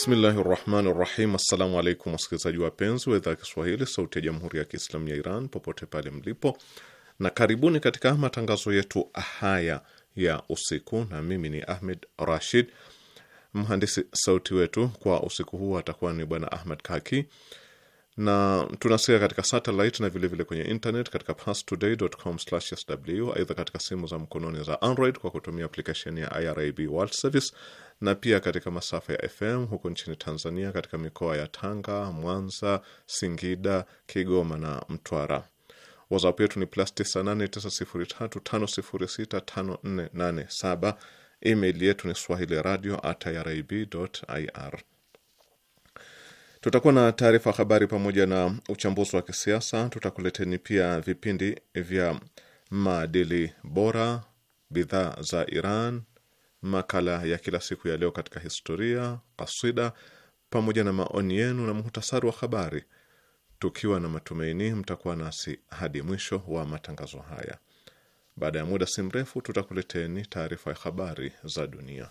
Bismillahi rahmani rahim. Assalamu alaikum wasikilizaji wapenzi wa idhaa ya Kiswahili sauti ya jamhuri ya Kiislamu ya Iran popote pale mlipo, na karibuni katika matangazo yetu haya ya usiku. Na mimi ni Ahmed Rashid. Mhandisi sauti wetu kwa usiku huu atakuwa ni Bwana Ahmed Kaki na tunasikia katika satellite na vilevile vile kwenye internet katika pastoday.com/sw. Aidha, katika simu za mkononi za Android kwa kutumia application ya IRIB World Service na pia katika masafa ya FM huko nchini Tanzania katika mikoa ya Tanga, Mwanza, Singida, Kigoma na Mtwara. WhatsApp yetu ni plus 989035065487. Email yetu ni swahili radio at irib.ir. Tutakuwa na taarifa habari pamoja na uchambuzi wa kisiasa. Tutakuleteni pia vipindi vya maadili bora, bidhaa za Iran, makala ya kila siku ya leo katika historia, kaswida pamoja na maoni yenu na muhtasari wa habari, tukiwa na matumaini mtakuwa nasi hadi mwisho wa matangazo haya. Baada ya muda si mrefu, tutakuleteni taarifa ya habari za dunia.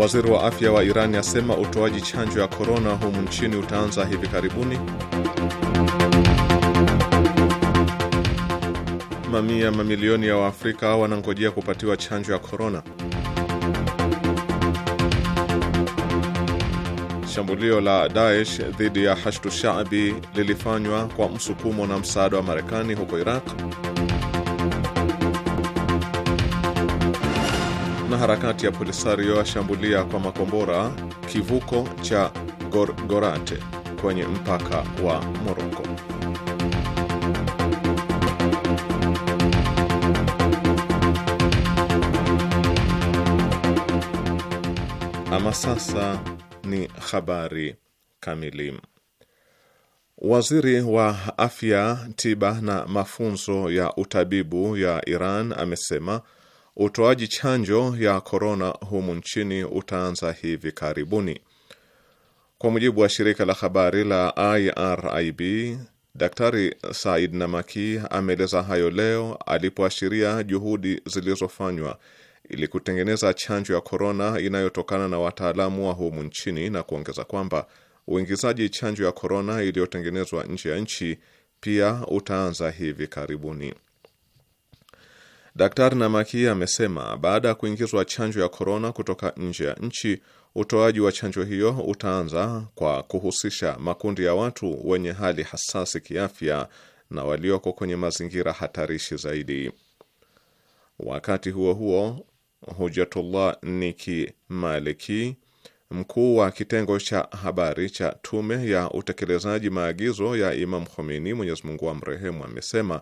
Waziri wa afya wa iran asema utoaji chanjo ya korona humu nchini utaanza hivi karibuni. Mamia mamilioni ya Waafrika wanangojea kupatiwa chanjo ya korona. Shambulio la Daesh dhidi ya Hashdu Shaabi lilifanywa kwa msukumo na msaada wa Marekani huko Iraq. Harakati ya Polisario ashambulia kwa makombora kivuko cha Gorgorate kwenye mpaka wa Moroko. Ama sasa ni habari kamili. Waziri wa afya, tiba na mafunzo ya utabibu ya Iran amesema utoaji chanjo ya korona humu nchini utaanza hivi karibuni. Kwa mujibu wa shirika la habari la IRIB, Daktari Said Namaki ameeleza hayo leo alipoashiria juhudi zilizofanywa ili kutengeneza chanjo ya korona inayotokana na wataalamu wa humu nchini na kuongeza kwamba uingizaji chanjo ya korona iliyotengenezwa nje ya nchi pia utaanza hivi karibuni. Daktari Namaki amesema baada ya kuingizwa chanjo ya korona kutoka nje ya nchi, utoaji wa chanjo hiyo utaanza kwa kuhusisha makundi ya watu wenye hali hasasi kiafya na walioko kwenye mazingira hatarishi zaidi. Wakati huo huo, Hujatullah Niki Maliki, mkuu wa kitengo cha habari cha tume ya utekelezaji maagizo ya Imam Khomeini, Mwenyezi Mungu amrehemu, amesema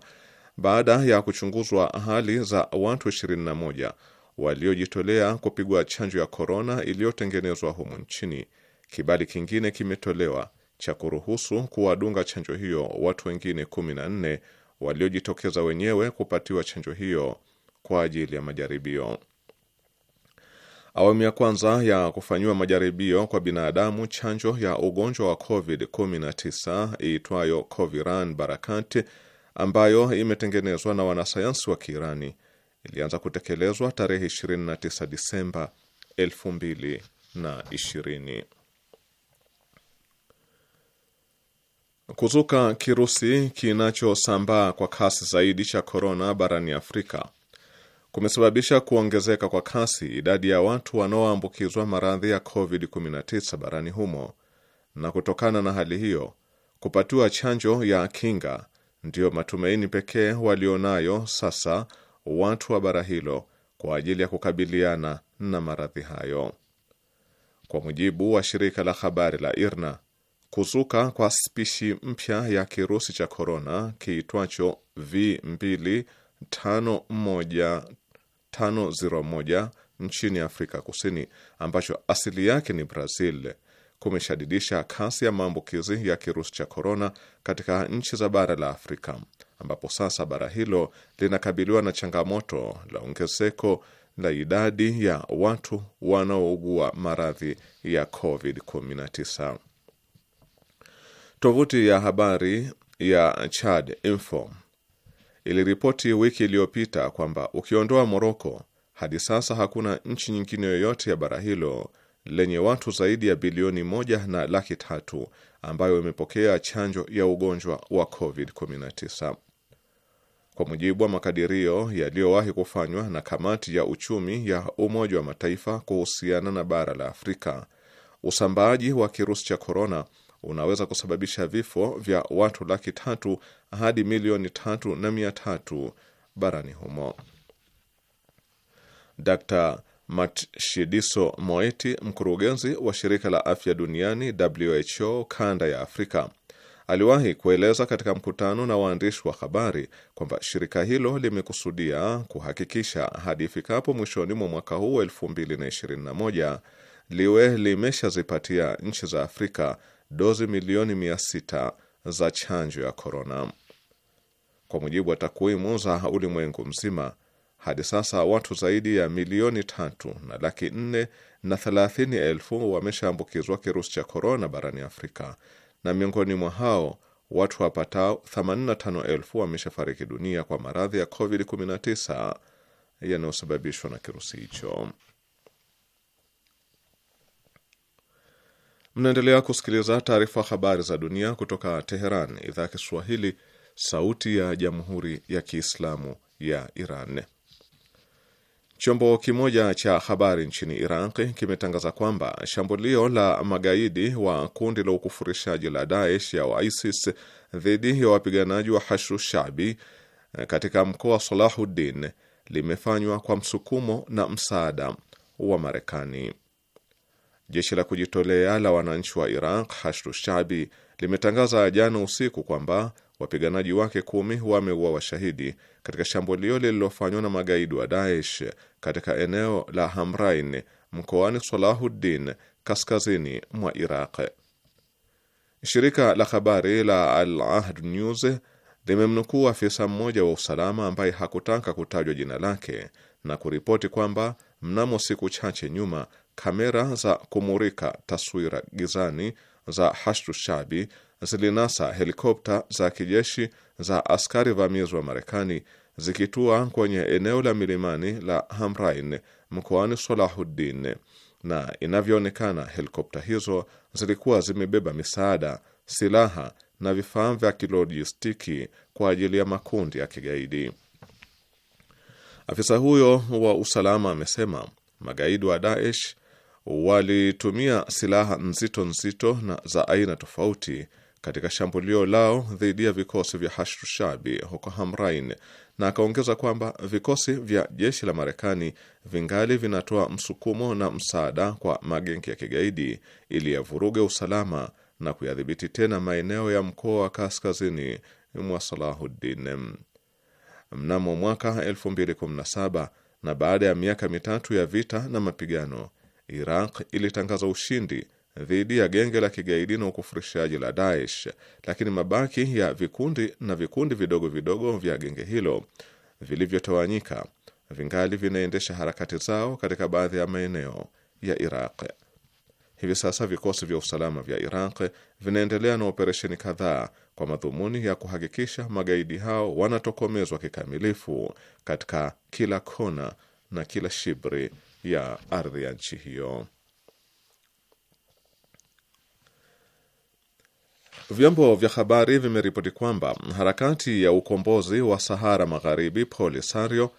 baada ya kuchunguzwa hali za watu 21 waliojitolea kupigwa chanjo ya korona iliyotengenezwa humu nchini. Kibali kingine kimetolewa cha kuruhusu kuwadunga chanjo hiyo watu wengine 14 waliojitokeza wenyewe kupatiwa chanjo hiyo kwa ajili ya majaribio. Awamu ya kwanza ya kufanyiwa majaribio kwa binadamu chanjo ya ugonjwa wa COVID-19 iitwayo Coviran Barakat ambayo imetengenezwa na wanasayansi wa Kiirani ilianza kutekelezwa tarehe 29 Disemba 2020. Kuzuka kirusi kinachosambaa kwa kasi zaidi cha korona barani Afrika kumesababisha kuongezeka kwa kasi idadi ya watu wanaoambukizwa maradhi ya COVID-19 barani humo, na kutokana na hali hiyo kupatiwa chanjo ya kinga ndiyo matumaini pekee walionayo sasa watu wa bara hilo kwa ajili ya kukabiliana na maradhi hayo. Kwa mujibu wa shirika la habari la IRNA, kuzuka kwa spishi mpya ya kirusi cha korona kiitwacho V251501 nchini Afrika Kusini ambacho asili yake ni Brazil kumeshadidisha kasi ya maambukizi ya kirusi cha korona katika nchi za bara la Afrika, ambapo sasa bara hilo linakabiliwa na changamoto la ongezeko la idadi ya watu wanaougua maradhi ya COVID-19. Tovuti ya habari ya Chad Info iliripoti wiki iliyopita kwamba ukiondoa Moroko, hadi sasa hakuna nchi nyingine yoyote ya bara hilo lenye watu zaidi ya bilioni moja na laki tatu ambayo imepokea chanjo ya ugonjwa wa COVID-19. Kwa mujibu wa makadirio yaliyowahi kufanywa na kamati ya uchumi ya Umoja wa Mataifa kuhusiana na bara la Afrika, usambaaji wa kirusi cha korona unaweza kusababisha vifo vya watu laki tatu hadi milioni tatu na mia tatu barani humo. Dr Matshidiso Moeti, mkurugenzi wa shirika la afya duniani WHO kanda ya Afrika, aliwahi kueleza katika mkutano na waandishi wa habari kwamba shirika hilo limekusudia kuhakikisha hadi ifikapo mwishoni mwa mwaka huu 2021 liwe limeshazipatia nchi za Afrika dozi milioni 600 za chanjo ya korona. Kwa mujibu wa takwimu za ulimwengu mzima hadi sasa watu zaidi ya milioni tatu na laki nne na thelathini elfu wameshaambukizwa kirusi cha korona barani Afrika, na miongoni mwa hao watu wapatao 85 elfu wameshafariki dunia kwa maradhi ya COVID-19 yanayosababishwa na kirusi hicho. Mnaendelea kusikiliza taarifa habari za dunia kutoka Teheran, idhaa ya Kiswahili, sauti ya jamhuri ya kiislamu ya Iran. Chombo kimoja cha habari nchini Iraq kimetangaza kwamba shambulio la magaidi wa kundi la ukufurishaji la Daesh ya ISIS dhidi ya wapiganaji wa Hashu Shabi katika mkoa wa Salahuddin limefanywa kwa msukumo na msaada wa Marekani. Jeshi la kujitolea la wananchi wa Iraq shabi limetangaza jana usiku kwamba wapiganaji wake kumi wameua washahidi katika shambulio lililofanywa na magaidi wa Daesh katika eneo la Hamrain mkoani Salahuddin kaskazini mwa Iraq. Shirika la habari la Al Ahd News limemnukuu afisa mmoja wa usalama ambaye hakutaka kutajwa jina lake na kuripoti kwamba mnamo siku chache nyuma kamera za kumurika taswira gizani za Hashdu Shabi zilinasa helikopta za kijeshi za askari vamizi wa Marekani zikitua kwenye eneo la milimani la Hamrain mkoani Salahuddin, na inavyoonekana helikopta hizo zilikuwa zimebeba misaada, silaha na vifaa vya kilojistiki kwa ajili ya makundi ya kigaidi. Afisa huyo wa usalama amesema magaidi wa Daesh walitumia silaha nzito nzito na za aina tofauti katika shambulio lao dhidi ya vikosi vya Hashdshabi huko Hamrain, na akaongeza kwamba vikosi vya jeshi la Marekani vingali vinatoa msukumo na msaada kwa magengi ya kigaidi ili yavuruge usalama na kuyadhibiti tena maeneo ya mkoa wa kaskazini mwa Salahuddin. Mnamo mwaka 2017 na baada ya miaka mitatu ya vita na mapigano, Iraq ilitangaza ushindi dhidi ya genge la kigaidi na ukufurishaji la Daesh, lakini mabaki ya vikundi na vikundi vidogo vidogo vya genge hilo vilivyotawanyika vingali vinaendesha harakati zao katika baadhi ya maeneo ya Iraq. Hivi sasa vikosi vya usalama vya Iraq vinaendelea na operesheni kadhaa kwa madhumuni ya kuhakikisha magaidi hao wanatokomezwa kikamilifu katika kila kona na kila shibri ya ardhi ya nchi hiyo. Vyombo vya habari vimeripoti kwamba harakati ya ukombozi wa Sahara Magharibi Polisario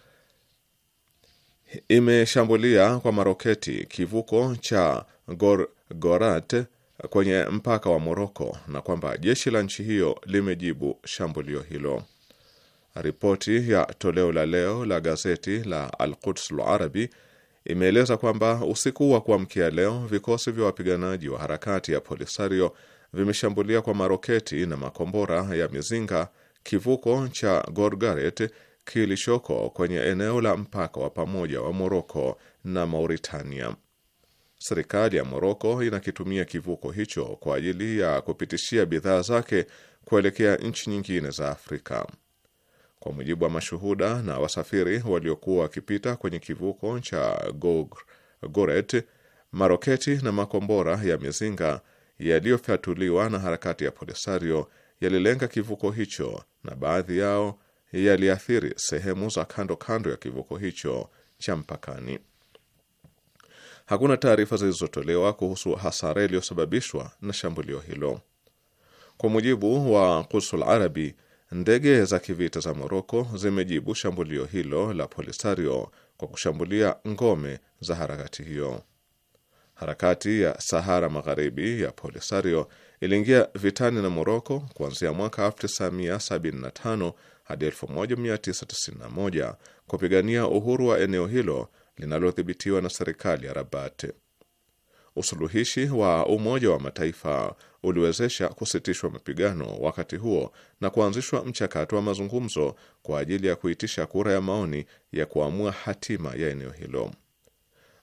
imeshambulia kwa maroketi kivuko cha Gorgorat kwenye mpaka wa Moroko na kwamba jeshi la nchi hiyo limejibu shambulio hilo. Ripoti ya toleo la leo la gazeti la Al-Quds Al-Arabi imeeleza kwamba usiku wa kuamkia leo vikosi vya wapiganaji wa harakati ya Polisario vimeshambulia kwa maroketi na makombora ya mizinga kivuko cha Gorgaret kilichoko kwenye eneo la mpaka wa pamoja wa Moroko na Mauritania. Serikali ya Moroko inakitumia kivuko hicho kwa ajili ya kupitishia bidhaa zake kuelekea nchi nyingine za Afrika. Kwa mujibu wa mashuhuda na wasafiri waliokuwa wakipita kwenye kivuko cha Gorgaret, maroketi na makombora ya mizinga yaliyofyatuliwa na harakati ya Polisario yalilenga kivuko hicho na baadhi yao yaliathiri sehemu za kando kando ya kivuko hicho cha mpakani. Hakuna taarifa zilizotolewa kuhusu hasara iliyosababishwa na shambulio hilo. Kwa mujibu wa Kusul Arabi, ndege za kivita za Moroko zimejibu shambulio hilo la Polisario kwa kushambulia ngome za harakati hiyo. Harakati ya Sahara Magharibi ya Polisario iliingia vitani na Moroko kuanzia mwaka 1975 hadi 1991 kupigania uhuru wa eneo hilo linalodhibitiwa na serikali ya Rabat. Usuluhishi wa Umoja wa Mataifa uliwezesha kusitishwa mapigano wakati huo na kuanzishwa mchakato wa mazungumzo kwa ajili ya kuitisha kura ya maoni ya kuamua hatima ya eneo hilo.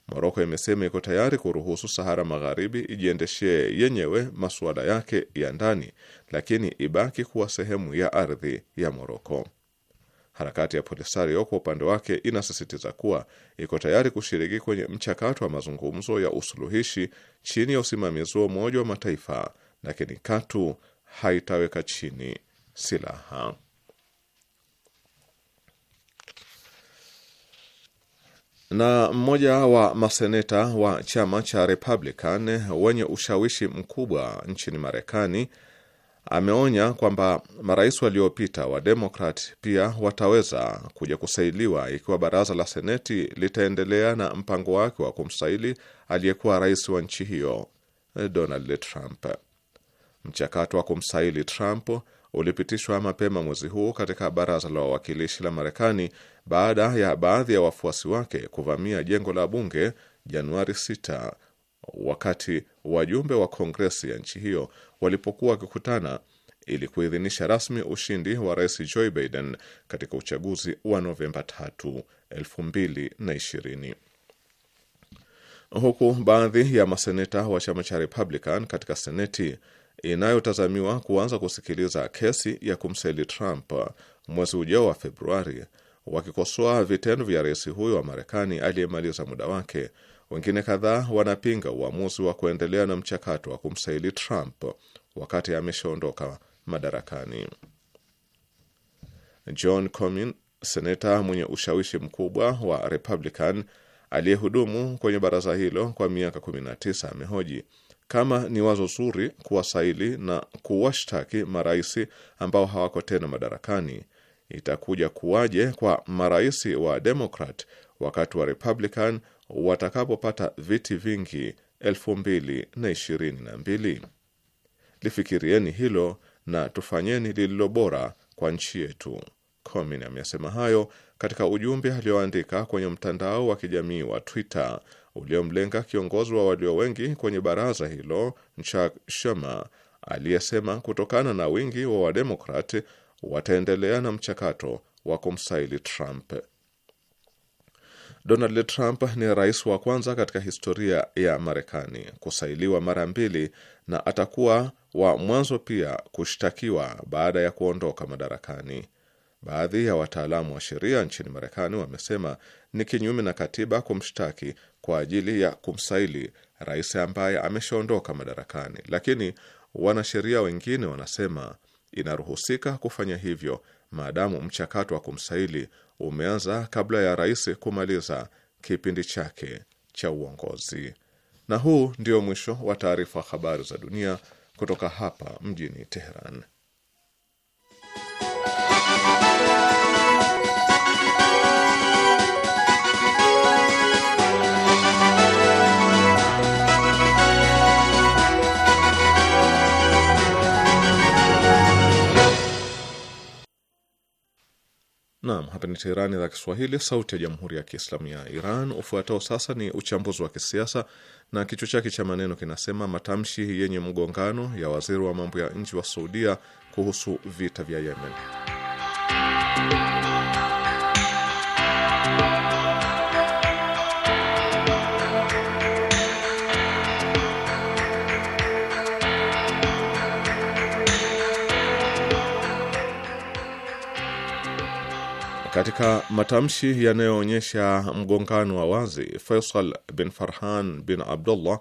Moroko imesema iko tayari kuruhusu Sahara Magharibi ijiendeshee yenyewe masuala yake ya ndani, lakini ibaki kuwa sehemu ya ardhi ya Moroko. Harakati ya Polisario kwa upande wake inasisitiza kuwa iko tayari kushiriki kwenye mchakato wa mazungumzo ya usuluhishi chini ya usimamizi wa Umoja wa Mataifa, lakini katu haitaweka chini silaha. na mmoja wa maseneta wa chama cha Republican wenye ushawishi mkubwa nchini Marekani ameonya kwamba marais waliopita wa Demokrat pia wataweza kuja kusailiwa ikiwa baraza la Seneti litaendelea na mpango wake wa kumsaili aliyekuwa rais wa nchi hiyo Donald Trump. Mchakato wa kumsaili Trump ulipitishwa mapema mwezi huu katika baraza la wawakilishi la Marekani baada ya baadhi ya wafuasi wake kuvamia jengo la bunge Januari 6 wakati wajumbe wa Kongresi ya nchi hiyo walipokuwa wakikutana ili kuidhinisha rasmi ushindi wa Rais Joe Biden katika uchaguzi wa Novemba 3, 2020. Huku baadhi ya maseneta wa chama cha Republican katika Seneti inayotazamiwa kuanza kusikiliza kesi ya kumseli Trump mwezi ujao wa Februari, wakikosoa vitendo vya rais huyo wa Marekani aliyemaliza muda wake. Wengine kadhaa wanapinga uamuzi wa kuendelea na mchakato wa kumsaili Trump wakati ameshaondoka madarakani. John comin seneta mwenye ushawishi mkubwa wa Republican aliyehudumu kwenye baraza hilo kwa miaka 19, amehoji kama ni wazo zuri kuwasaili na kuwashtaki marais ambao hawako tena madarakani, itakuja kuwaje kwa marais wa demokrat wakati wa Republican watakapopata viti vingi 2022? Lifikirieni hilo na tufanyeni lililo bora kwa nchi yetu. Comin amesema hayo katika ujumbe alioandika kwenye mtandao wa kijamii wa Twitter uliomlenga kiongozi wa walio wengi kwenye baraza hilo Chuck Schumer aliyesema kutokana na wingi wa Wademokrat wataendelea na mchakato wa kumsaili Trump. Donald Trump ni rais wa kwanza katika historia ya Marekani kusailiwa mara mbili na atakuwa wa mwanzo pia kushtakiwa baada ya kuondoka madarakani. Baadhi ya wataalamu wa sheria nchini Marekani wamesema ni kinyume na katiba kumshtaki kwa ajili ya kumsaili rais ambaye ameshaondoka madarakani, lakini wanasheria wengine wanasema inaruhusika kufanya hivyo maadamu mchakato wa kumsaili umeanza kabla ya rais kumaliza kipindi chake cha uongozi. Na huu ndio mwisho wa taarifa habari za dunia kutoka hapa mjini Teheran. Naam, hapa ni Teherani, idhaa Kiswahili, sauti ya jamhuri ya kiislamu ya Iran. Ufuatao sasa ni uchambuzi wa kisiasa na kichwa chake cha maneno kinasema matamshi yenye mgongano ya waziri wa mambo ya nje wa Saudia kuhusu vita vya Yemen. Katika matamshi yanayoonyesha mgongano wa wazi, Faisal bin Farhan bin Abdullah,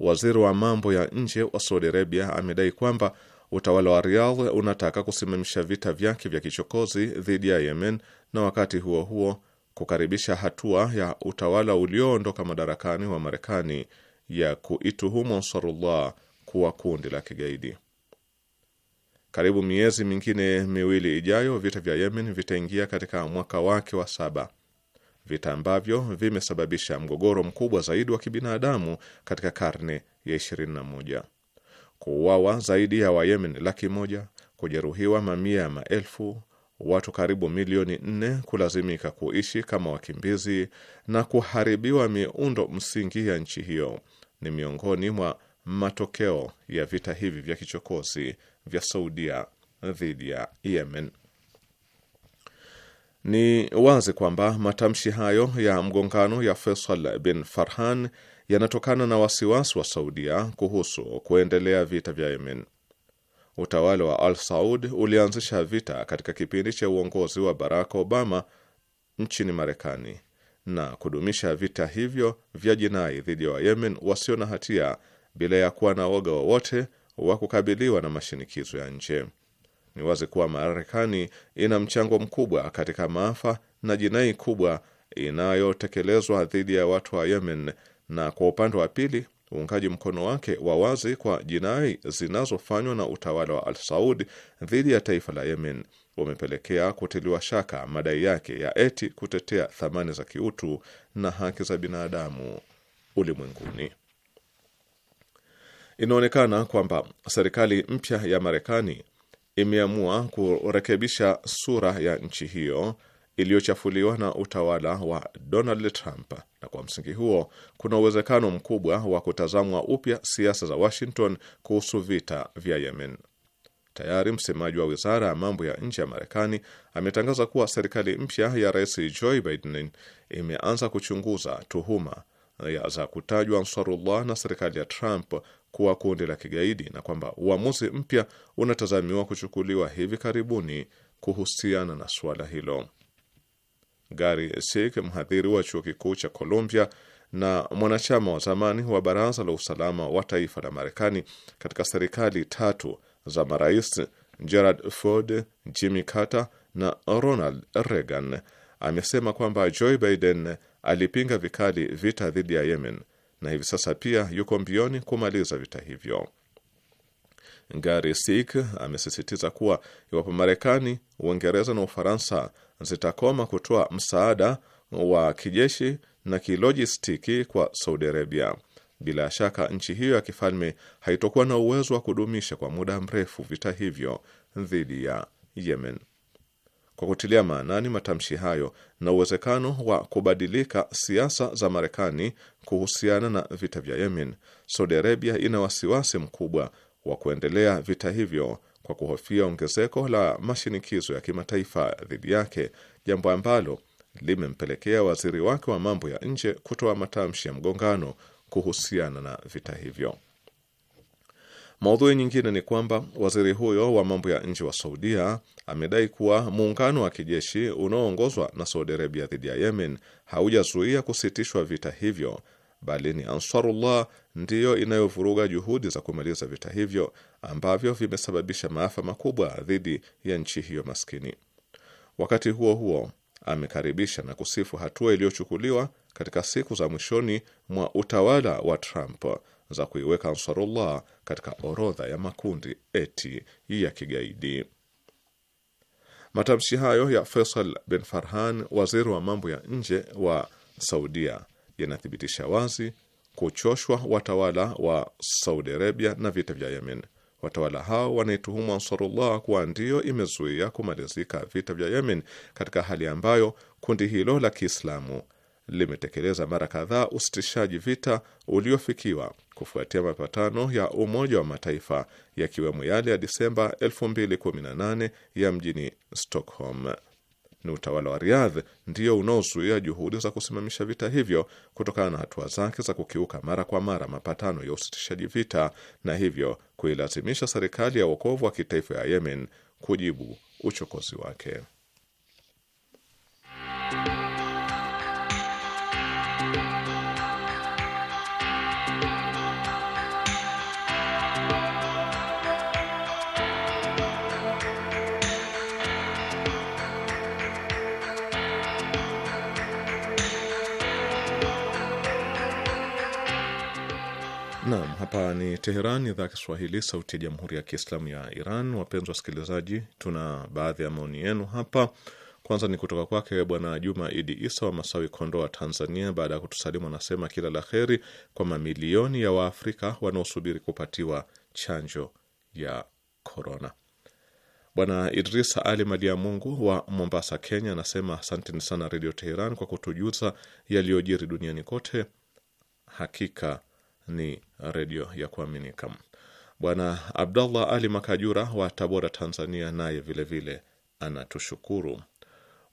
waziri wa mambo ya nje wa Saudi Arabia, amedai kwamba Utawala wa Riyadh unataka kusimamisha vita vyake vya kichokozi dhidi ya Yemen na wakati huo huo kukaribisha hatua ya utawala ulioondoka madarakani wa Marekani ya kuituhumu Ansarullah kuwa kundi la kigaidi. Karibu miezi mingine miwili ijayo, vita vya Yemen vitaingia katika mwaka wake wa saba, vita ambavyo vimesababisha mgogoro mkubwa zaidi wa kibinadamu katika karne ya 21 kuuawa zaidi ya Wayemen laki moja, kujeruhiwa mamia ya maelfu, watu karibu milioni nne kulazimika kuishi kama wakimbizi na kuharibiwa miundo msingi ya nchi hiyo ni miongoni mwa matokeo ya vita hivi vya kichokozi vya Saudia dhidi ya Yemen. Ni wazi kwamba matamshi hayo ya mgongano ya Faisal bin Farhan yanatokana na wasiwasi wa Saudia kuhusu kuendelea vita vya Yemen. Utawala wa Al Saud ulianzisha vita katika kipindi cha uongozi wa Barack Obama nchini Marekani na kudumisha vita hivyo vya jinai dhidi ya Wayemen wasio na hatia bila ya kuwa na woga wowote wa, wa kukabiliwa na mashinikizo ya nje. Ni wazi kuwa Marekani ina mchango mkubwa katika maafa na jinai kubwa inayotekelezwa dhidi ya watu wa Yemen na kwa upande wa pili uungaji mkono wake wa wazi kwa jinai zinazofanywa na utawala wa Al Saud dhidi ya taifa la Yemen wamepelekea kutiliwa shaka madai yake ya eti kutetea thamani za kiutu na haki za binadamu ulimwenguni. Inaonekana kwamba serikali mpya ya Marekani imeamua kurekebisha sura ya nchi hiyo iliyochafuliwa na utawala wa Donald Trump, na kwa msingi huo kuna uwezekano mkubwa wa kutazamwa upya siasa za Washington kuhusu vita vya Yemen. Tayari msemaji wa wizara ya mambo ya nje ya Marekani ametangaza kuwa serikali mpya ya Rais Joe Biden imeanza kuchunguza tuhuma za kutajwa Ansarullah na serikali ya Trump kuwa kundi la kigaidi na kwamba uamuzi mpya unatazamiwa kuchukuliwa hivi karibuni kuhusiana na suala hilo. Gary Sik, mhadhiri wa chuo kikuu cha Columbia na mwanachama wa zamani wa baraza la usalama wa taifa la Marekani katika serikali tatu za marais Gerald Ford, Jimmy Carter na Ronald Reagan amesema kwamba Joe Biden alipinga vikali vita dhidi ya Yemen na hivi sasa pia yuko mbioni kumaliza vita hivyo. Gary Sik amesisitiza kuwa iwapo Marekani, Uingereza na Ufaransa zitakoma kutoa msaada wa kijeshi na kilojistiki kwa Saudi Arabia. Bila shaka nchi hiyo ya kifalme haitokuwa na uwezo wa kudumisha kwa muda mrefu vita hivyo dhidi ya Yemen. Kwa kutilia maanani matamshi hayo na uwezekano wa kubadilika siasa za Marekani kuhusiana na vita vya Yemen, Saudi Arabia ina wasiwasi mkubwa wa kuendelea vita hivyo kwa kuhofia ongezeko la mashinikizo ya kimataifa dhidi yake, jambo ambalo limempelekea waziri wake wa mambo ya nje kutoa matamshi ya mgongano kuhusiana na vita hivyo. Maudhui nyingine ni kwamba waziri huyo wa mambo ya nje wa Saudia amedai kuwa muungano wa kijeshi unaoongozwa na Saudi Arabia dhidi ya Yemen haujazuia kusitishwa vita hivyo bali ni Ansarullah ndiyo inayovuruga juhudi za kumaliza vita hivyo ambavyo vimesababisha maafa makubwa dhidi ya nchi hiyo maskini. Wakati huo huo, amekaribisha na kusifu hatua iliyochukuliwa katika siku za mwishoni mwa utawala wa Trump za kuiweka Ansarullah katika orodha ya makundi eti ya kigaidi. Matamshi hayo ya Faisal bin Farhan, waziri wa mambo ya nje wa Saudia, yanathibitisha wazi kuchoshwa watawala wa Saudi Arabia na vita vya Yemen. Watawala hao wanaituhumu Ansarullah kuwa ndiyo imezuia kumalizika vita vya Yemen, katika hali ambayo kundi hilo la Kiislamu limetekeleza mara kadhaa usitishaji vita uliofikiwa kufuatia mapatano ya Umoja wa Mataifa, yakiwemo yale ya Disemba 2018 ya mjini Stockholm. Ni utawala wa Riyadh ndio unaozuia juhudi za kusimamisha vita hivyo kutokana na hatua zake za kukiuka mara kwa mara mapatano ya usitishaji vita na hivyo kuilazimisha serikali ya wokovu wa kitaifa ya Yemen kujibu uchokozi wake. Hapa ni Teheran, idhaa ya Kiswahili, sauti ya jamhuri ya kiislamu ya Iran. Wapenzi wasikilizaji, tuna baadhi ya maoni yenu hapa. Kwanza ni kutoka kwake Bwana Juma Idi Isa wa Masawi, Kondoa, Tanzania. Baada ya kutusalimu, anasema kila la heri kwa mamilioni ya Waafrika wanaosubiri kupatiwa chanjo ya korona. Bwana Idrisa Ali Malia Mungu wa Mombasa, Kenya, anasema asanteni sana Redio Teheran kwa kutujuza yaliyojiri duniani kote. Hakika ni redio ya kuaminika. Bwana Abdallah Ali Makajura wa Tabora, Tanzania, naye vilevile anatushukuru.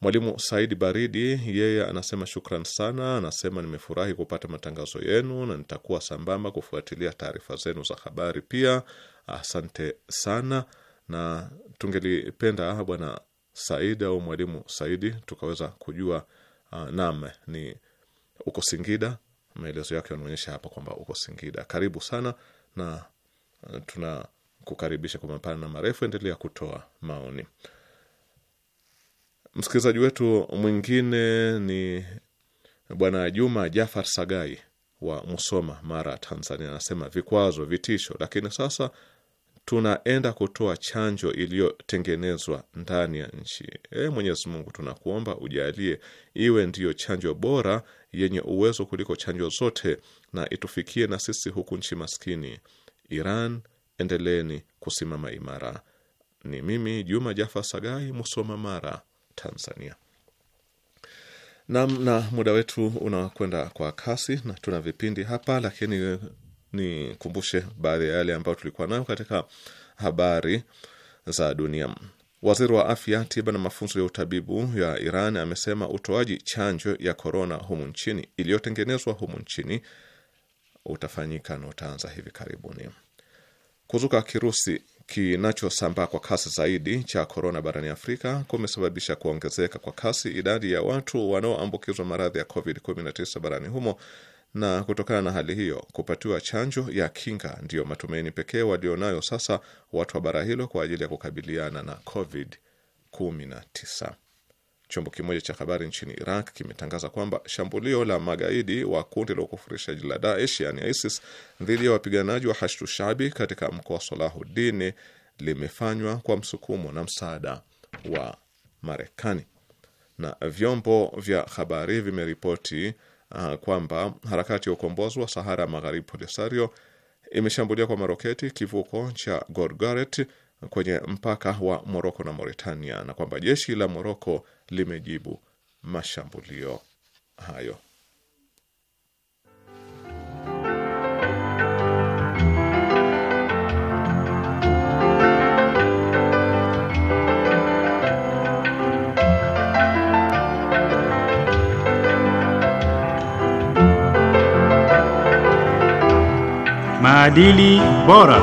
Mwalimu Saidi Baridi yeye anasema shukran sana, anasema nimefurahi kupata matangazo yenu na nitakuwa sambamba kufuatilia taarifa zenu za habari pia. Asante sana, na tungelipenda bwana Saidi au mwalimu Saidi tukaweza kujua uh, ah, nam ni uko Singida Maelezo yake yanaonyesha hapa kwamba uko Singida. Karibu sana na eh, tunakukaribisha kwa mapana na marefu, endelea kutoa maoni. Msikilizaji wetu mwingine ni Bwana Juma Jafar Sagai wa Musoma, Mara, Tanzania, anasema vikwazo, vitisho, lakini sasa tunaenda kutoa chanjo iliyotengenezwa ndani ya nchi. E, Mwenyezi Mungu tunakuomba ujalie iwe ndiyo chanjo bora yenye uwezo kuliko chanjo zote, na itufikie na sisi huku nchi maskini Iran. Endeleeni kusimama imara. Ni mimi Juma Jafa Sagai, Musoma, Mara, Tanzania. Nam, na muda wetu unakwenda kwa kasi na tuna vipindi hapa, lakini nikumbushe baadhi ya yale ambayo tulikuwa nayo katika habari za dunia. Waziri wa afya, tiba na mafunzo ya utabibu ya Iran amesema utoaji chanjo ya korona humu nchini iliyotengenezwa humu nchini utafanyika na utaanza hivi karibuni. Kuzuka kirusi kinachosambaa kwa kasi zaidi cha korona barani Afrika kumesababisha kuongezeka kwa kasi idadi ya watu wanaoambukizwa maradhi ya COVID-19 barani humo na kutokana na hali hiyo kupatiwa chanjo ya kinga ndiyo matumaini pekee walionayo sasa watu wa bara hilo kwa ajili ya kukabiliana na COVID-19. Chombo kimoja cha habari nchini Iraq kimetangaza kwamba shambulio la magaidi wa kundi la ukufurishaji la Daesh yani ISIS dhidi ya wapiganaji wa Hashdu Shabi katika mkoa wa Salahudini limefanywa kwa msukumo na msaada wa Marekani, na vyombo vya habari vimeripoti uh, kwamba harakati ya ukombozi wa Sahara ya Magharibi Polisario imeshambulia kwa maroketi kivuko cha Gorgaret kwenye mpaka wa Moroko na Mauritania na kwamba jeshi la Moroko limejibu mashambulio hayo. Maadili bora.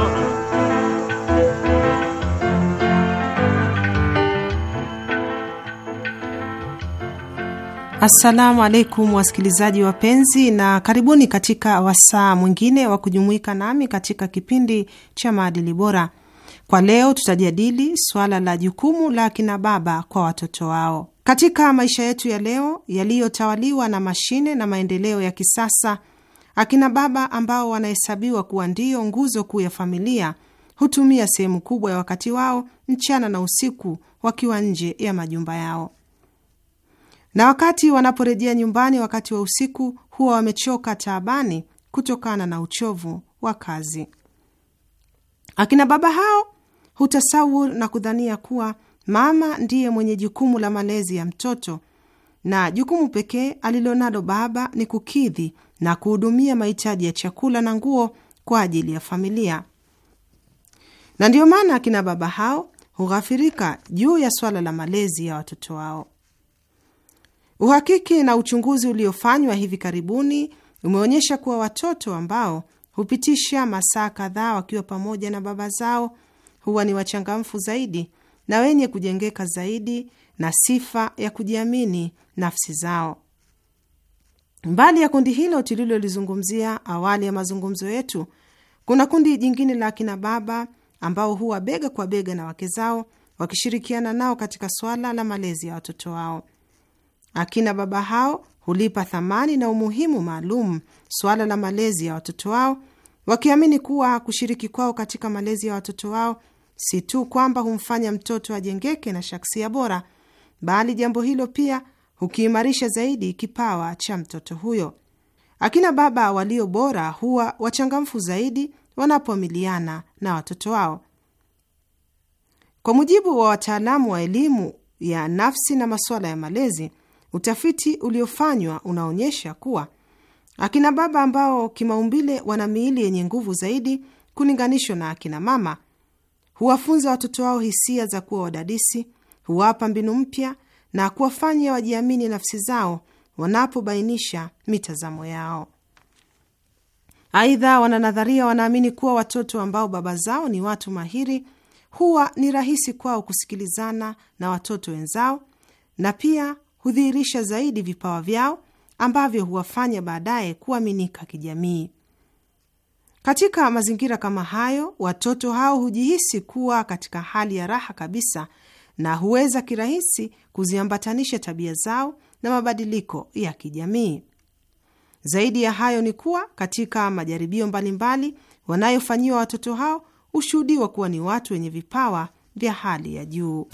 Assalamu alaikum wasikilizaji wapenzi, na karibuni katika wasaa mwingine wa kujumuika nami katika kipindi cha maadili bora. Kwa leo tutajadili swala la jukumu la akina baba kwa watoto wao katika maisha yetu ya leo yaliyotawaliwa na mashine na maendeleo ya kisasa. Akina baba ambao wanahesabiwa kuwa ndiyo nguzo kuu ya familia hutumia sehemu kubwa ya wakati wao mchana na usiku wakiwa nje ya majumba yao, na wakati wanaporejea nyumbani wakati wa usiku huwa wamechoka taabani kutokana na uchovu wa kazi. Akina baba hao hutasawur na kudhania kuwa mama ndiye mwenye jukumu la malezi ya mtoto na jukumu pekee alilonalo baba ni kukidhi na kuhudumia mahitaji ya chakula na nguo kwa ajili ya familia, na ndiyo maana akina baba hao hughafirika juu ya swala la malezi ya watoto wao. Uhakiki na uchunguzi uliofanywa hivi karibuni umeonyesha kuwa watoto ambao hupitisha masaa kadhaa wakiwa pamoja na baba zao huwa ni wachangamfu zaidi na wenye kujengeka zaidi na sifa ya kujiamini nafsi zao. Mbali ya kundi hilo tulilolizungumzia awali ya mazungumzo yetu, kuna kundi jingine la akina baba ambao huwa bega kwa bega na wake zao wakishirikiana nao katika swala la malezi ya watoto wao. Akina baba hao hulipa thamani na umuhimu maalum swala la malezi ya watoto wao, wakiamini kuwa kushiriki kwao katika malezi ya watoto wao si tu kwamba humfanya mtoto ajengeke na shaksia bora, bali jambo hilo pia hukiimarisha zaidi kipawa cha mtoto huyo. Akina baba walio bora huwa wachangamfu zaidi wanapoamiliana na watoto wao. Kwa mujibu wa wataalamu wa elimu ya nafsi na masuala ya malezi, utafiti uliofanywa unaonyesha kuwa akina baba ambao kimaumbile wana miili yenye nguvu zaidi kulinganishwa na akina mama huwafunza watoto wao hisia za kuwa wadadisi, huwapa mbinu mpya na kuwafanya wajiamini nafsi zao wanapobainisha mitazamo yao. Aidha, wananadharia wanaamini kuwa watoto ambao baba zao ni watu mahiri huwa ni rahisi kwao kusikilizana na watoto wenzao na pia hudhihirisha zaidi vipawa vyao ambavyo huwafanya baadaye kuaminika kijamii. Katika mazingira kama hayo, watoto hao hujihisi kuwa katika hali ya raha kabisa na huweza kirahisi kuziambatanisha tabia zao na mabadiliko ya kijamii. Zaidi ya hayo ni kuwa katika majaribio mbalimbali wanayofanyiwa watoto hao hushuhudiwa kuwa ni watu wenye vipawa vya hali ya juu.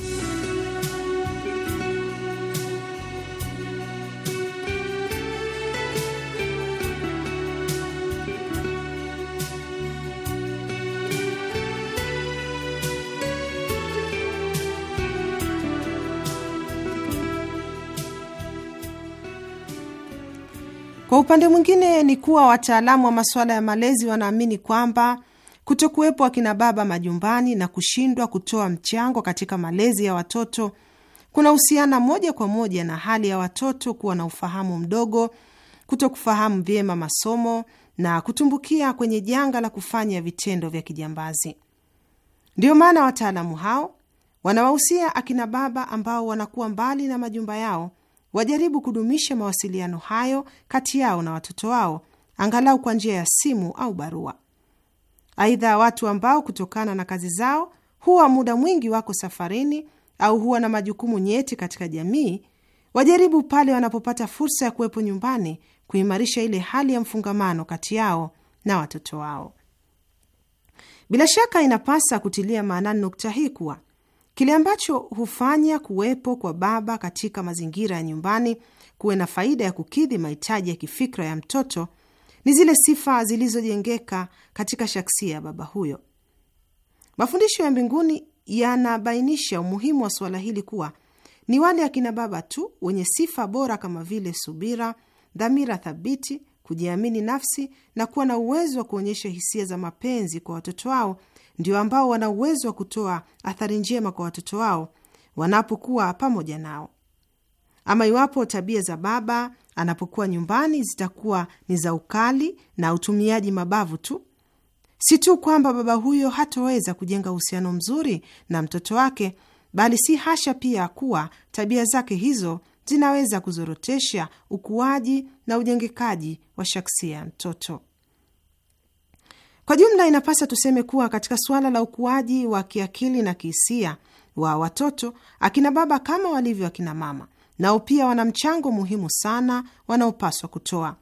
Kwa upande mwingine ni kuwa wataalamu wa masuala ya malezi wanaamini kwamba kutokuwepo akina baba majumbani na kushindwa kutoa mchango katika malezi ya watoto kunahusiana moja kwa moja na hali ya watoto kuwa na ufahamu mdogo, kutokufahamu vyema masomo na kutumbukia kwenye janga la kufanya vitendo vya kijambazi. Ndiyo maana wataalamu hao wanawahusia akina baba ambao wanakuwa mbali na majumba yao wajaribu kudumisha mawasiliano hayo kati yao na watoto wao angalau kwa njia ya simu au barua. Aidha, watu ambao kutokana na kazi zao huwa muda mwingi wako safarini au huwa na majukumu nyeti katika jamii, wajaribu pale wanapopata fursa ya kuwepo nyumbani kuimarisha ile hali ya mfungamano kati yao na watoto wao. Bila shaka inapasa kutilia maanani nukta hii kuwa Kile ambacho hufanya kuwepo kwa baba katika mazingira ya nyumbani kuwe na faida ya kukidhi mahitaji ya kifikra ya mtoto ni zile sifa zilizojengeka katika shaksia ya baba huyo. Mafundisho ya mbinguni yanabainisha umuhimu wa suala hili kuwa ni wale akina baba tu wenye sifa bora kama vile subira, dhamira thabiti, kujiamini nafsi na kuwa na uwezo wa kuonyesha hisia za mapenzi kwa watoto wao ndio ambao wana uwezo wa kutoa athari njema kwa watoto wao wanapokuwa pamoja nao. Ama iwapo tabia za baba anapokuwa nyumbani zitakuwa ni za ukali na utumiaji mabavu tu, si tu kwamba baba huyo hatoweza kujenga uhusiano mzuri na mtoto wake, bali si hasha pia kuwa tabia zake hizo zinaweza kuzorotesha ukuaji na ujengekaji wa shaksia ya mtoto. Kwa jumla, inapasa tuseme kuwa katika suala la ukuaji wa kiakili na kihisia wa watoto, akina baba kama walivyo akina mama, nao pia wana mchango muhimu sana wanaopaswa kutoa.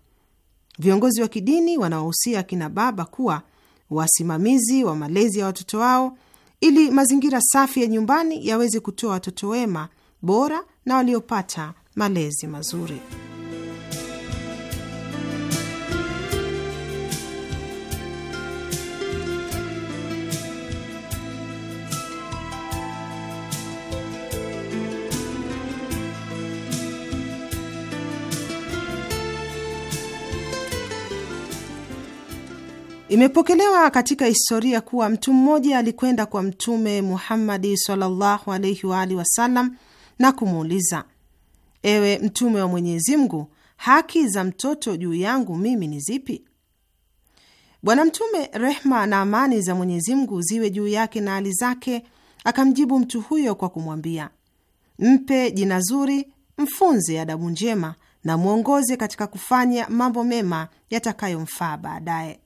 Viongozi wa kidini wanawahusia akina baba kuwa wasimamizi wa malezi ya watoto wao ili mazingira safi ya nyumbani yaweze kutoa watoto wema bora na waliopata malezi mazuri. Imepokelewa katika historia kuwa mtu mmoja alikwenda kwa Mtume Muhammadi sallallahu alaihi wa alihi wasallam na kumuuliza, ewe Mtume wa Mwenyezi Mungu, haki za mtoto juu yangu mimi ni zipi? Bwana Mtume, rehma na amani za Mwenyezi Mungu ziwe juu yake na hali zake, akamjibu mtu huyo kwa kumwambia, mpe jina zuri, mfunze adabu njema na mwongoze katika kufanya mambo mema yatakayomfaa baadaye.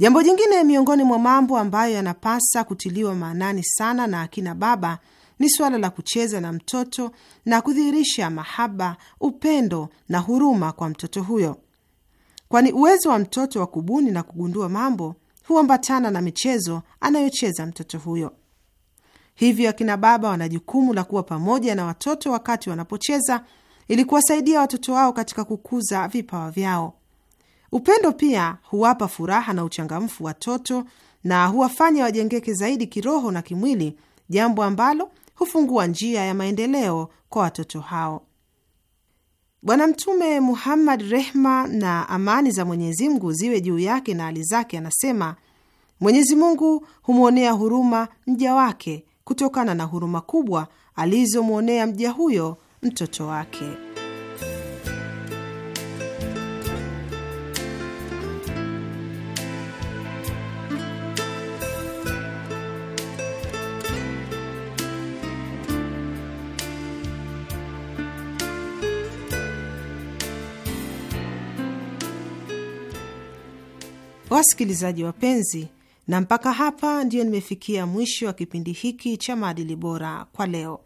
Jambo jingine miongoni mwa mambo ambayo yanapasa kutiliwa maanani sana na akina baba ni suala la kucheza na mtoto na kudhihirisha mahaba, upendo na huruma kwa mtoto huyo, kwani uwezo wa mtoto wa kubuni na kugundua mambo huambatana na michezo anayocheza mtoto huyo. Hivyo akina baba wana jukumu la kuwa pamoja na watoto wakati wanapocheza, ili kuwasaidia watoto wao katika kukuza vipawa vyao. Upendo pia huwapa furaha na uchangamfu watoto na huwafanya wajengeke zaidi kiroho na kimwili, jambo ambalo hufungua njia ya maendeleo kwa watoto hao. Bwana Mtume Muhammad, rehma na amani za Mwenyezi Mungu ziwe juu yake na hali zake, anasema Mwenyezi Mungu humwonea huruma mja wake kutokana na huruma kubwa alizomwonea mja huyo mtoto wake. Wasikilizaji wapenzi, na mpaka hapa ndiyo nimefikia mwisho wa kipindi hiki cha maadili bora kwa leo.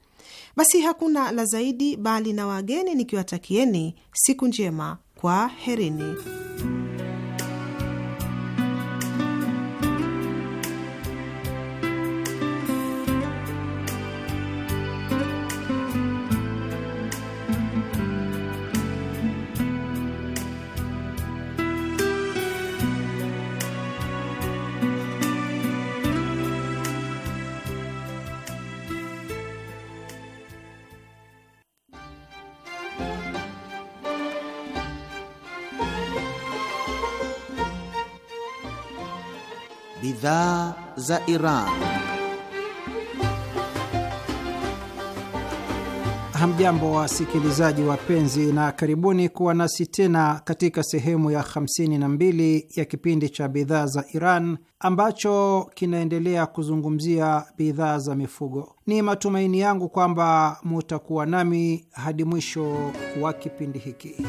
Basi hakuna la zaidi, bali na wageni nikiwatakieni siku njema, kwa herini. bidhaa za Iran. Hamjambo wasikilizaji wapenzi, na karibuni kuwa nasi tena katika sehemu ya 52 ya kipindi cha bidhaa za Iran ambacho kinaendelea kuzungumzia bidhaa za mifugo. Ni matumaini yangu kwamba mutakuwa nami hadi mwisho wa kipindi hiki.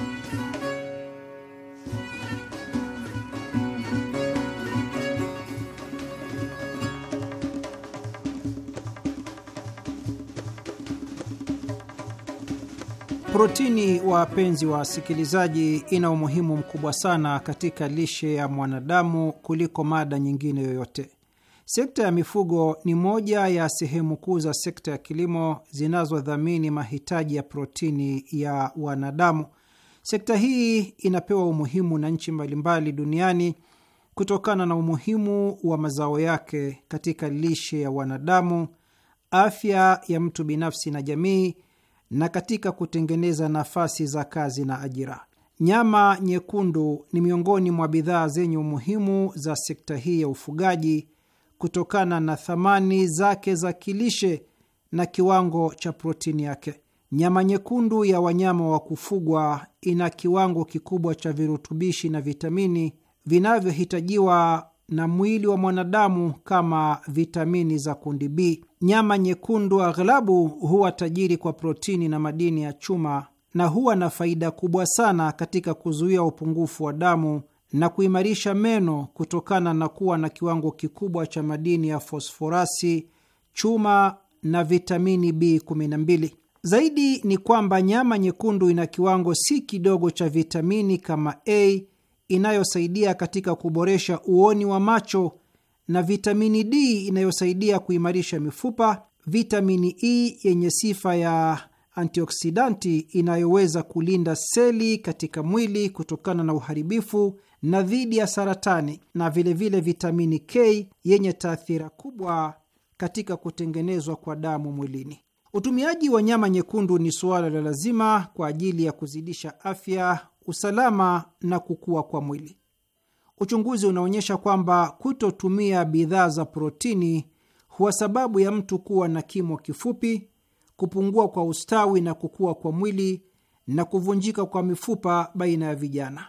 Protini, wapenzi wa wasikilizaji, ina umuhimu mkubwa sana katika lishe ya mwanadamu kuliko mada nyingine yoyote. Sekta ya mifugo ni moja ya sehemu kuu za sekta ya kilimo zinazodhamini mahitaji ya protini ya wanadamu. Sekta hii inapewa umuhimu na nchi mbalimbali duniani kutokana na umuhimu wa mazao yake katika lishe ya wanadamu, afya ya mtu binafsi na jamii na katika kutengeneza nafasi za kazi na ajira. Nyama nyekundu ni miongoni mwa bidhaa zenye umuhimu za sekta hii ya ufugaji kutokana na thamani zake za kilishe na kiwango cha protini yake. Nyama nyekundu ya wanyama wa kufugwa ina kiwango kikubwa cha virutubishi na vitamini vinavyohitajiwa na mwili wa mwanadamu kama vitamini za kundi B. Nyama nyekundu aghlabu huwa tajiri kwa protini na madini ya chuma na huwa na faida kubwa sana katika kuzuia upungufu wa damu na kuimarisha meno kutokana na kuwa na kiwango kikubwa cha madini ya fosforasi, chuma na vitamini B12. Zaidi ni kwamba nyama nyekundu ina kiwango si kidogo cha vitamini kama A inayosaidia katika kuboresha uoni wa macho na vitamini D inayosaidia kuimarisha mifupa, vitamini E yenye sifa ya antioksidanti inayoweza kulinda seli katika mwili kutokana na uharibifu na dhidi ya saratani, na vilevile vile vitamini K yenye taathira kubwa katika kutengenezwa kwa damu mwilini. Utumiaji wa nyama nyekundu ni suala la lazima kwa ajili ya kuzidisha afya, usalama na kukua kwa mwili. Uchunguzi unaonyesha kwamba kutotumia bidhaa za protini huwa sababu ya mtu kuwa na kimo kifupi, kupungua kwa ustawi na kukua kwa mwili na kuvunjika kwa mifupa baina ya vijana.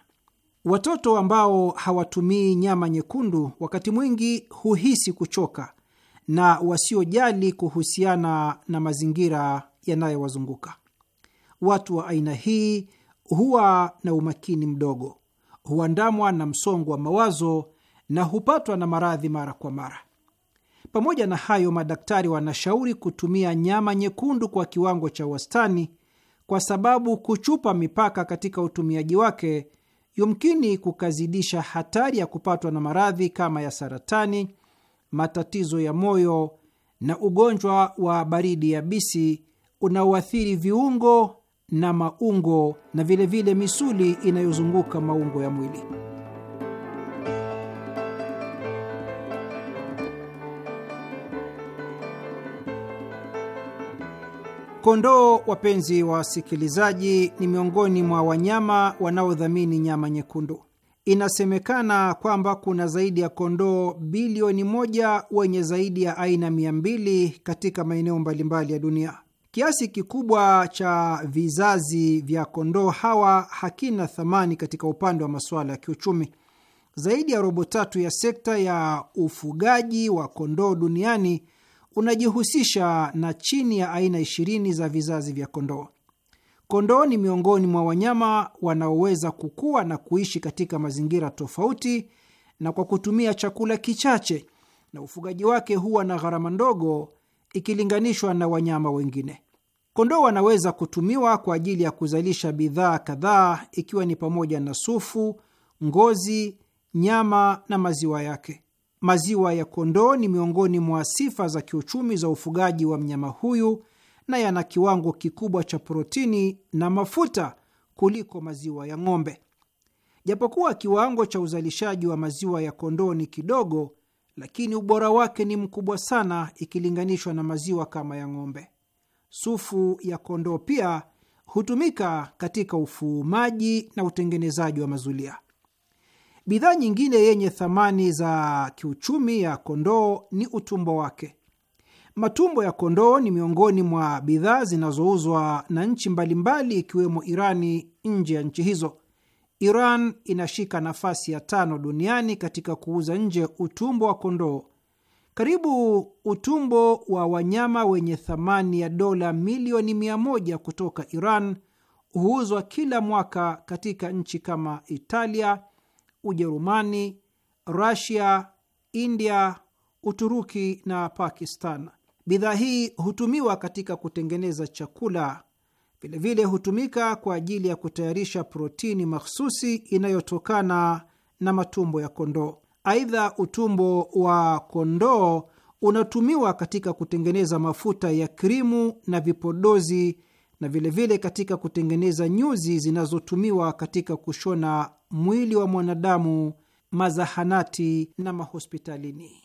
Watoto ambao hawatumii nyama nyekundu wakati mwingi huhisi kuchoka na wasiojali kuhusiana na mazingira yanayowazunguka. Watu wa aina hii huwa na umakini mdogo, huandamwa na msongo wa mawazo na hupatwa na maradhi mara kwa mara. Pamoja na hayo, madaktari wanashauri kutumia nyama nyekundu kwa kiwango cha wastani, kwa sababu kuchupa mipaka katika utumiaji wake yumkini kukazidisha hatari ya kupatwa na maradhi kama ya saratani, matatizo ya moyo na ugonjwa wa baridi yabisi unaoathiri viungo na maungo na vilevile vile misuli inayozunguka maungo ya mwili. Kondoo, wapenzi wa wasikilizaji, ni miongoni mwa wanyama wanaodhamini nyama nyekundu. Inasemekana kwamba kuna zaidi ya kondoo bilioni moja wenye zaidi ya aina mia mbili katika maeneo mbalimbali ya dunia. Kiasi kikubwa cha vizazi vya kondoo hawa hakina thamani katika upande wa masuala ya kiuchumi. Zaidi ya robo tatu ya sekta ya ufugaji wa kondoo duniani unajihusisha na chini ya aina ishirini za vizazi vya kondoo. Kondoo ni miongoni mwa wanyama wanaoweza kukua na kuishi katika mazingira tofauti na kwa kutumia chakula kichache, na ufugaji wake huwa na gharama ndogo ikilinganishwa na wanyama wengine. Kondoo wanaweza kutumiwa kwa ajili ya kuzalisha bidhaa kadhaa, ikiwa ni pamoja na sufu, ngozi, nyama na maziwa yake. Maziwa ya kondoo ni miongoni mwa sifa za kiuchumi za ufugaji wa mnyama huyu na yana kiwango kikubwa cha protini na mafuta kuliko maziwa ya ng'ombe. Japokuwa kiwango cha uzalishaji wa maziwa ya kondoo ni kidogo, lakini ubora wake ni mkubwa sana ikilinganishwa na maziwa kama ya ng'ombe. Sufu ya kondoo pia hutumika katika ufumaji na utengenezaji wa mazulia. Bidhaa nyingine yenye thamani za kiuchumi ya kondoo ni utumbo wake. Matumbo ya kondoo ni miongoni mwa bidhaa zinazouzwa na nchi mbalimbali ikiwemo Irani nje ya nchi hizo. Iran inashika nafasi ya tano duniani katika kuuza nje utumbo wa kondoo karibu utumbo wa wanyama wenye thamani ya dola milioni mia moja kutoka Iran huuzwa kila mwaka katika nchi kama Italia, Ujerumani, Rasia, India, Uturuki na Pakistan. Bidhaa hii hutumiwa katika kutengeneza chakula. Vilevile hutumika kwa ajili ya kutayarisha protini mahsusi inayotokana na matumbo ya kondoo. Aidha, utumbo wa kondoo unatumiwa katika kutengeneza mafuta ya krimu na vipodozi na vilevile vile katika kutengeneza nyuzi zinazotumiwa katika kushona mwili wa mwanadamu mazahanati na mahospitalini.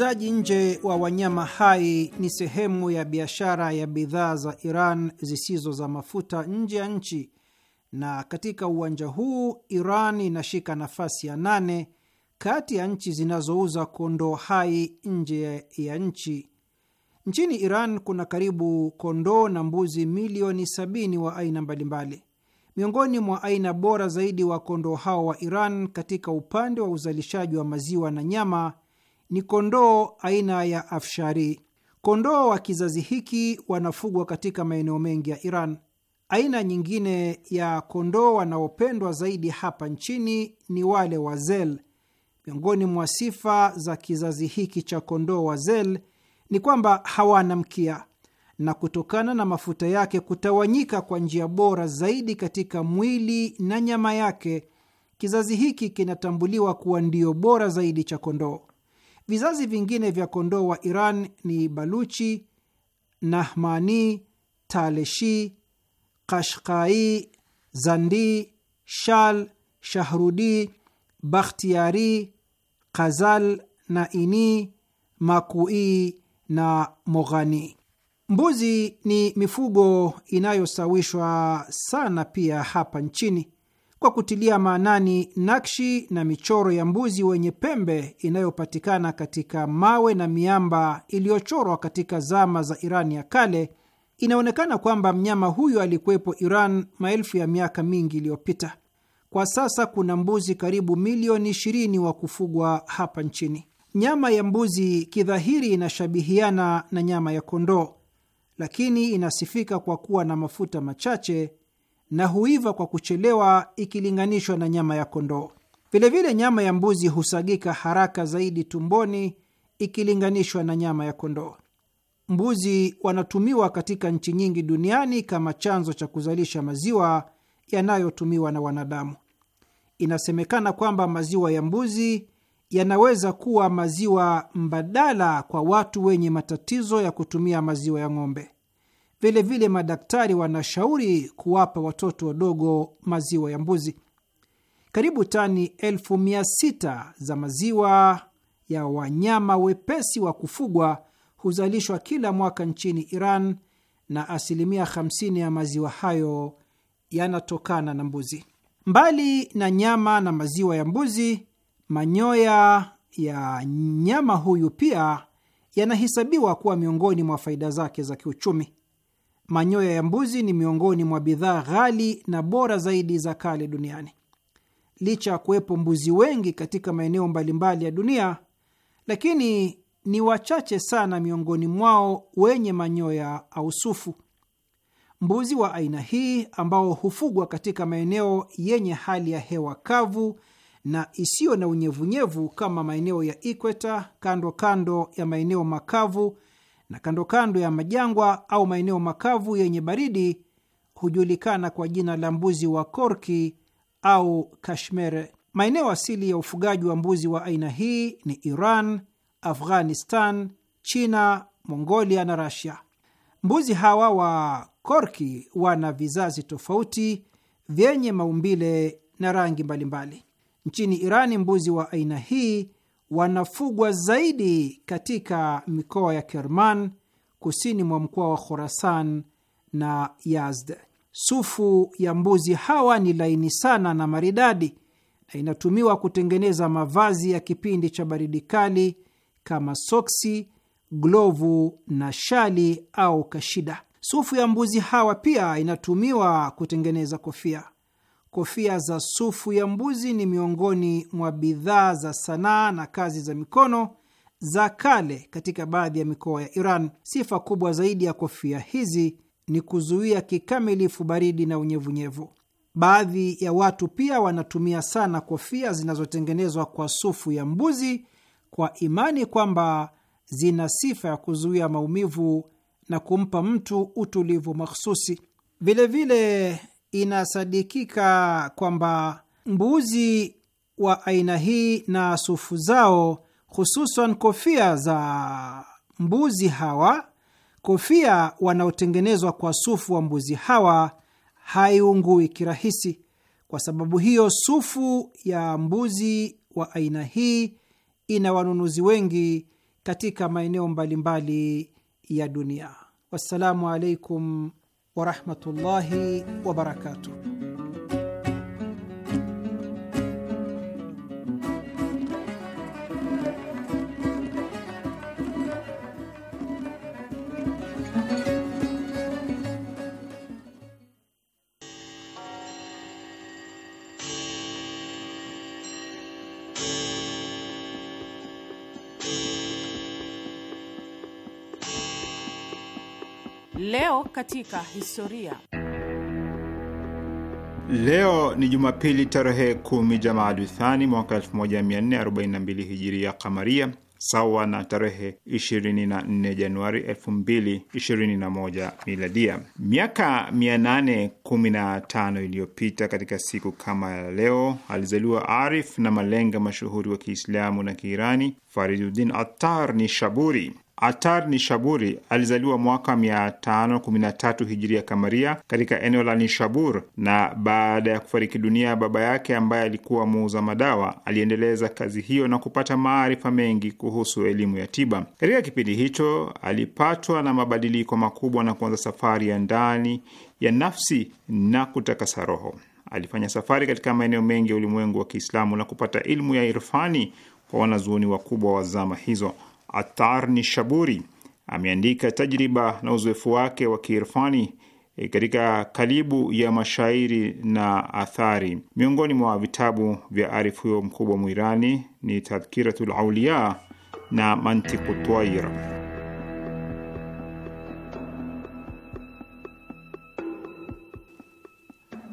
Uuzaji nje wa wanyama hai ni sehemu ya biashara ya bidhaa za Iran zisizo za mafuta nje ya nchi, na katika uwanja huu Iran inashika nafasi ya nane kati ya nchi zinazouza kondoo hai nje ya nchi. Nchini Iran kuna karibu kondoo na mbuzi milioni sabini wa aina mbalimbali. Miongoni mwa aina bora zaidi wa kondoo hao wa Iran katika upande wa uzalishaji wa maziwa na nyama ni kondoo aina ya Afshari. Kondoo wa kizazi hiki wanafugwa katika maeneo mengi ya Iran. Aina nyingine ya kondoo wanaopendwa zaidi hapa nchini ni wale wa Zel. Miongoni mwa sifa za kizazi hiki cha kondoo wa Zel ni kwamba hawana mkia, na kutokana na mafuta yake kutawanyika kwa njia bora zaidi katika mwili na nyama yake, kizazi hiki kinatambuliwa kuwa ndio bora zaidi cha kondoo. Vizazi vingine vya kondoo wa Iran ni Baluchi, Nahmani, Taleshi, Kashkai, Zandi, Shal, Shahrudi, Bakhtiari, Kazal, Naini, Makui na Moghani. Mbuzi ni mifugo inayosawishwa sana pia hapa nchini kwa kutilia maanani nakshi na michoro ya mbuzi wenye pembe inayopatikana katika mawe na miamba iliyochorwa katika zama za iran ya kale, inaonekana kwamba mnyama huyo alikuwepo Iran maelfu ya miaka mingi iliyopita. Kwa sasa kuna mbuzi karibu milioni 20 wa kufugwa hapa nchini. Nyama ya mbuzi kidhahiri inashabihiana na nyama ya kondoo, lakini inasifika kwa kuwa na mafuta machache na huiva kwa kuchelewa ikilinganishwa na nyama ya kondoo. Vilevile nyama ya mbuzi husagika haraka zaidi tumboni ikilinganishwa na nyama ya kondoo. Mbuzi wanatumiwa katika nchi nyingi duniani kama chanzo cha kuzalisha maziwa yanayotumiwa na wanadamu. Inasemekana kwamba maziwa ya mbuzi yanaweza kuwa maziwa mbadala kwa watu wenye matatizo ya kutumia maziwa ya ng'ombe. Vilevile vile madaktari wanashauri kuwapa watoto wadogo maziwa ya mbuzi. Karibu tani elfu mia sita za maziwa ya wanyama wepesi wa kufugwa huzalishwa kila mwaka nchini Iran na asilimia 50 ya maziwa hayo yanatokana na mbuzi. Mbali na nyama na maziwa ya mbuzi, manyoya ya nyama huyu pia yanahesabiwa kuwa miongoni mwa faida zake za kiuchumi manyoya ya mbuzi ni miongoni mwa bidhaa ghali na bora zaidi za kale duniani. Licha ya kuwepo mbuzi wengi katika maeneo mbalimbali ya dunia, lakini ni wachache sana miongoni mwao wenye manyoya au sufu. Mbuzi wa aina hii ambao hufugwa katika maeneo yenye hali ya hewa kavu na isiyo na unyevunyevu kama maeneo ya ikweta, kando kando ya maeneo makavu na kando kando ya majangwa au maeneo makavu yenye baridi hujulikana kwa jina la mbuzi wa korki au Kashmere. Maeneo asili ya ufugaji wa mbuzi wa aina hii ni Iran, Afghanistan, China, Mongolia na Rasia. Mbuzi hawa wa korki wana vizazi tofauti vyenye maumbile na rangi mbalimbali. Nchini Irani, mbuzi wa aina hii wanafugwa zaidi katika mikoa ya Kerman, kusini mwa mkoa wa Khorasan na Yazd. Sufu ya mbuzi hawa ni laini sana na maridadi na inatumiwa kutengeneza mavazi ya kipindi cha baridi kali kama soksi, glovu na shali au kashida. Sufu ya mbuzi hawa pia inatumiwa kutengeneza kofia. Kofia za sufu ya mbuzi ni miongoni mwa bidhaa za sanaa na kazi za mikono za kale katika baadhi ya mikoa ya Iran. Sifa kubwa zaidi ya kofia hizi ni kuzuia kikamilifu baridi na unyevunyevu. Baadhi ya watu pia wanatumia sana kofia zinazotengenezwa kwa sufu ya mbuzi kwa imani kwamba zina sifa ya kuzuia maumivu na kumpa mtu utulivu makhususi. Vilevile inasadikika kwamba mbuzi wa aina hii na sufu zao, hususan kofia za mbuzi hawa, kofia wanaotengenezwa kwa sufu wa mbuzi hawa haiungui kirahisi. Kwa sababu hiyo, sufu ya mbuzi wa aina hii ina wanunuzi wengi katika maeneo mbalimbali ya dunia. Wassalamu alaikum ورحمه الله وبركاته Leo katika historia. Leo ni Jumapili tarehe kumi Jamaaduthani mwaka 1442 hijiria kamaria sawa na tarehe 24 Januari 2021 miladia. Miaka 815 iliyopita katika siku kama ya leo alizaliwa arif na malenga mashuhuri wa Kiislamu na Kiirani Fariduddin Attar Nishaburi. Atar Nishaburi alizaliwa mwaka 513 hijiria kamaria katika eneo la Nishabur, na baada ya kufariki dunia baba yake ambaye alikuwa muuza madawa, aliendeleza kazi hiyo na kupata maarifa mengi kuhusu elimu ya tiba. Katika kipindi hicho alipatwa na mabadiliko makubwa na kuanza safari ya ndani ya nafsi na kutakasa roho. Alifanya safari katika maeneo mengi ya ulimwengu wa Kiislamu na kupata ilmu ya irfani kwa wanazuoni wakubwa wa zama hizo. Attar Nishaburi ameandika tajriba na uzoefu wake wa kiirfani e, katika kalibu ya mashairi na athari. Miongoni mwa vitabu vya arif huyo mkubwa mwirani ni Tadhkiratul Auliya na Mantiqu Twair.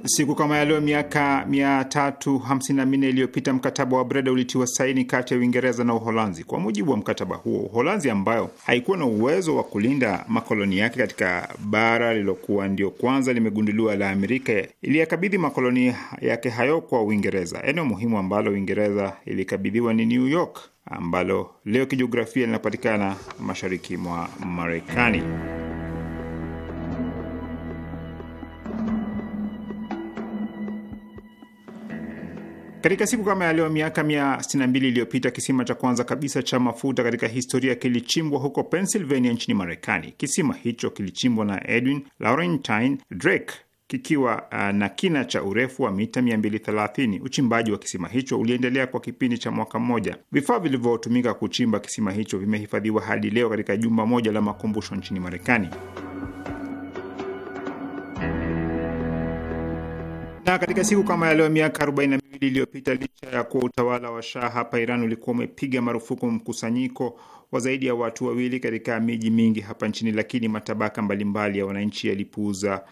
Siku kama ya leo miaka 354 iliyopita mkataba wa Breda ulitiwa saini kati ya Uingereza na Uholanzi. Kwa mujibu wa mkataba huo, Uholanzi ambayo haikuwa na uwezo wa kulinda makoloni yake katika bara lililokuwa ndio kwanza limegunduliwa la Amerika, iliyakabidhi makoloni yake hayo kwa Uingereza. Eneo muhimu ambalo Uingereza ilikabidhiwa ni New York ambalo leo kijiografia linapatikana mashariki mwa Marekani. Katika siku kama ya leo miaka mia mbili iliyopita kisima cha kwanza kabisa cha mafuta katika historia kilichimbwa huko Pennsylvania nchini Marekani. Kisima hicho kilichimbwa na Edwin Laurentine Drake kikiwa uh, na kina cha urefu wa mita 230. Uchimbaji wa kisima hicho uliendelea kwa kipindi cha mwaka mmoja. Vifaa vilivyotumika kuchimba kisima hicho vimehifadhiwa hadi leo katika jumba moja la makumbusho nchini Marekani. Na katika siku kama ya leo miaka 40 miwili iliyopita licha ya kuwa utawala wa Shah hapa Iran ulikuwa umepiga marufuku mkusanyiko wa zaidi ya watu wawili katika miji mingi hapa nchini, lakini matabaka mbalimbali ya wananchi yalipuuza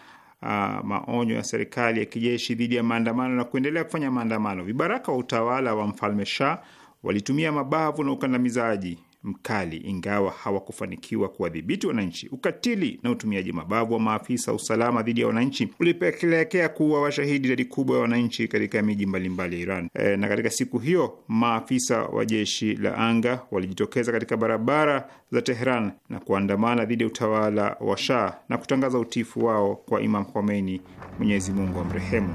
uh, maonyo ya serikali ya kijeshi dhidi ya maandamano na kuendelea kufanya maandamano. Vibaraka wa utawala wa mfalme Shah walitumia mabavu na ukandamizaji mkali, ingawa hawakufanikiwa kuwadhibiti wananchi. Ukatili na utumiaji mabavu wa maafisa usalama dhidi ya wananchi ulipelekea kuwa washahidi idadi kubwa ya wananchi katika miji mbalimbali ya Iran. E, na katika siku hiyo maafisa wa jeshi la anga walijitokeza katika barabara za Tehran na kuandamana dhidi ya utawala wa Shah na kutangaza utifu wao kwa Imam Khomeini, Mwenyezi Mungu amrehemu.